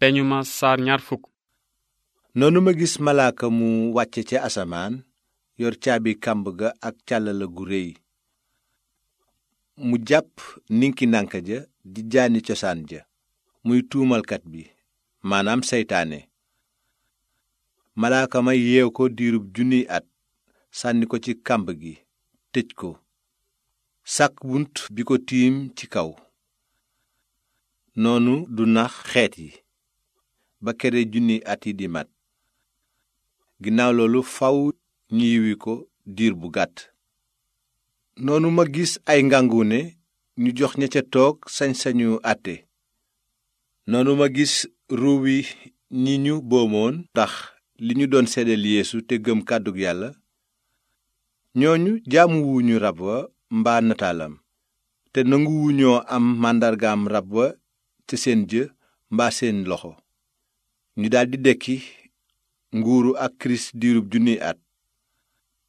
peñu ma noonu ma gis malaaka mu wàcce ca asamaan yor caabi kàmb ga ak càllala gu réy mu jàpp ninki nànka ja di jaani cosaan ja muy tuumalkat bi maanaam seytaane malaaka ma yeew ko diirub junniy at sànni ko ci kàmb gi tëj ko sàkk bunt bi ko tiim ci kaw noonu du nax xeet yi ba kere junni at yi di ginnaaw loolu faw ñu yiwi ko diir bu gàtt noonu ma gis ay ngàngu ne ñu jox ña ca toog sañ-sañu àtte noonu ma gis ruu yi ñi ñu boomoon tax li ñu doon seddal yeesu te gëm kàddug yàlla ñooñu jaamu wuñu rab wa mbaa nataalam te nanguwuñoo am màndargaam rab wa ci seen jë mbaa seen loxo ñu daldi dekki nguuru ak kirist diirub junniy at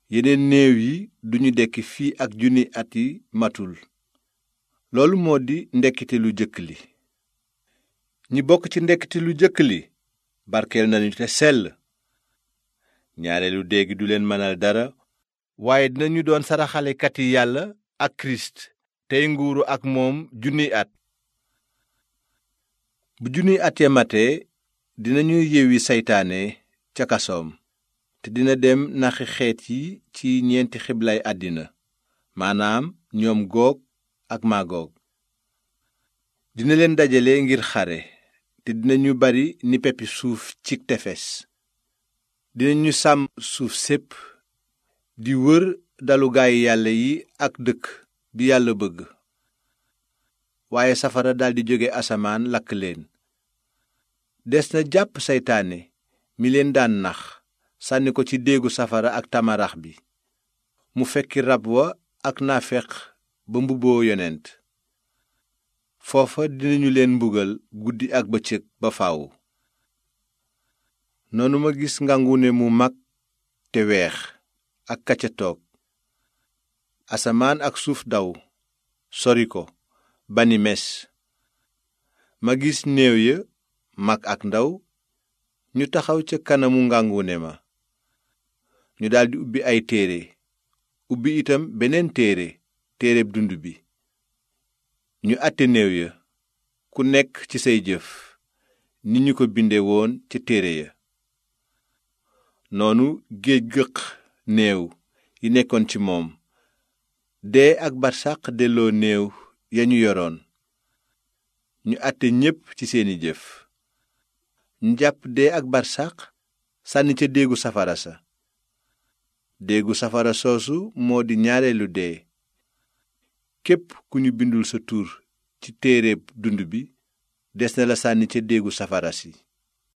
yeneen néew yi duñu dekki fii ak junniy at yi matul loolu moo di ndekkite lu jëkk li ñi bokk ci ndekkite lu jëkk li barkeel nañu te sell ñaareelu dee du leen mënal dara waaye dinañu doon saraxalekati yàlla ak kirist tey nguuru ak moom junniy at bu junniy at ya matee dinañu yewi seytaane ca kasoom te dina dem naxi xeet yi ci ñeenti xiblay àddina maanaam ñoom goog ak maagoog dina leen dajale ngir xare te dinañu bari ni peppi suuf ci tefes dinañu sàmm suuf sépp di wër dalu gaay yàlla yi ak dëkk bi yàlla bëgg waaye safara daldi jóge asamaan lakk leen des na jàpp seytaane mi leen daan nax sànni ko ci déegu safara ak tamarax bi mu fekki rab wa ak naafeq ba mbubboo yonent foofa dinañu leen mbugal guddi ak bëccëg ba faaw noonu ma gis ngàngune mu mag te weex ak kacca toog asamaan ak suuf daw sori ko bani mes ma gis néew ya mag ak ndaw ñu taxaw ca kanamu ngàngune ma ñu daldi ubbi ay téere ubbi itam beneen téere téere dund bi ñu àtte néew ya ku nekk ci say jëf ni ñu ko binde woon ca téere ya noonu géej gëq néew yi nekkoon ci moom dee ak barsàq delloo néew ya ñu yoroon ñu àtte ñépp ci seeni jëf njàpp jàpp dee ak barsaq sànni ca déegu safara sa déegu safara soosu moo di ñaareelu dee képp ku ñu bindul sa tur ci téere dund bi des na la sànni ca déegu safara si